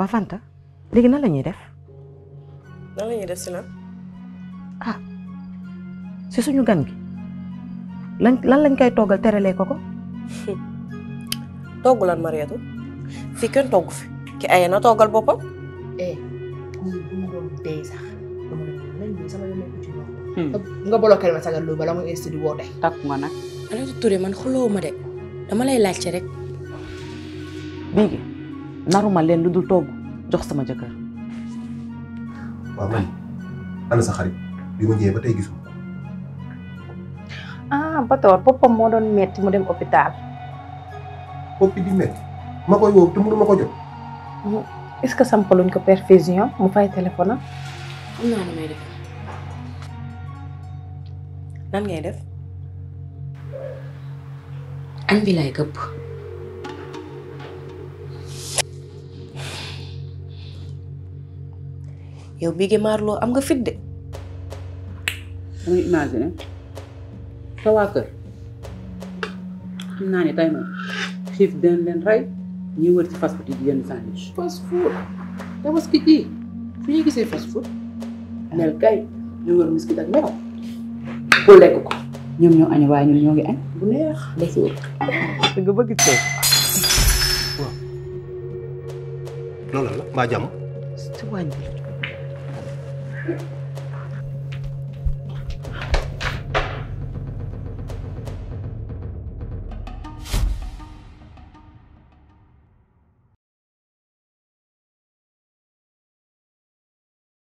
waa Fanta léegi nan la ñuy def. nan la ñuy def si lan. ah si suñu gan gi lan lan lañ koy toggal terelee ko ko. togg lan Mariatu fii kenn togg fi ki aye na toggal boppam. eh ñii bu ma doon dee sax dama hmm. nga bloqué ma sagal loolu bala muy institut woote. takku nga nag. Alaaji Touré man xuloo ma de dama lay laajte rek. bii naruma leen lu dul togg jox sama jëkkër. waaw man ana sa xarit bi ma ñëwee ba tey gisuma. ah Batoor boppam moo doon metti mu dem hôpital. bopp di metti ma koy woo te mënu ma ko jot. est-ce que sampaluñ ko perfusion mu fay téléphone am. xam naa ne def nan ngay def. añ yow Bébé Marlo am nga fit de. naa ne tey moom xiif dinañ leen rey ñuy wër ci fast food yi di yenn fi ñuy gisee fast food mel kay ñu wër miskit ak meew ku lekk ko ñoom ñoo añ waaye ñun ñoo ngi añ bu neex desul. da nga bëgg tey. loolu la mbaa jàmm. Thank you.